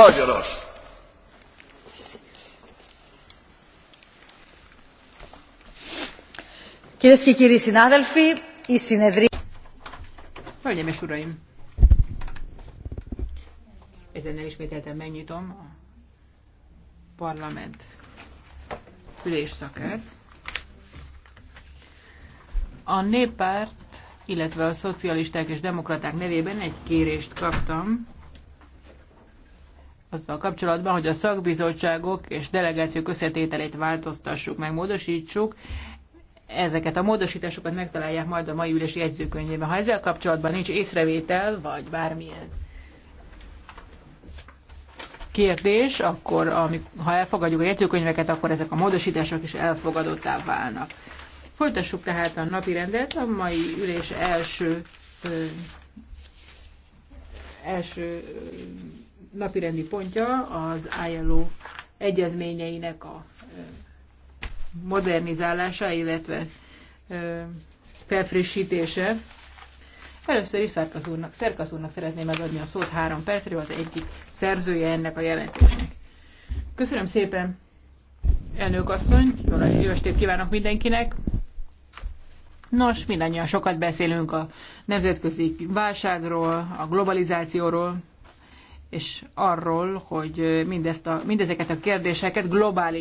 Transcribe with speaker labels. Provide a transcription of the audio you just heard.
Speaker 1: Ragyaros! Κυρίες και κύριοι συνάδελφοι, η συνεδρία... Hölgyeim és Uraim! Ezen ismételten megnyitom a parlament ülésszakát. A néppárt, illetve a szocialisták és demokraták nevében egy kérést kaptam, azzal kapcsolatban, hogy a szakbizottságok és delegációk összetételét változtassuk meg, módosítsuk. Ezeket a módosításokat megtalálják majd a mai ülési jegyzőkönyvében. Ha ezzel kapcsolatban nincs észrevétel, vagy bármilyen kérdés, akkor amik, ha elfogadjuk a jegyzőkönyveket, akkor ezek a módosítások is elfogadottá válnak. Folytassuk tehát a napi rendet, a mai ülés első első napirendi pontja az ILO egyezményeinek a modernizálása, illetve felfrissítése. Először is Szerkasz úrnak, Szerkasz úrnak szeretném megadni a szót három percre, az egyik szerzője ennek a jelentésnek. Köszönöm szépen, elnök asszony, jó estét kívánok mindenkinek! Nos, mindannyian sokat beszélünk a nemzetközi válságról, a globalizációról, és arról, hogy mindezt a, mindezeket a kérdéseket globális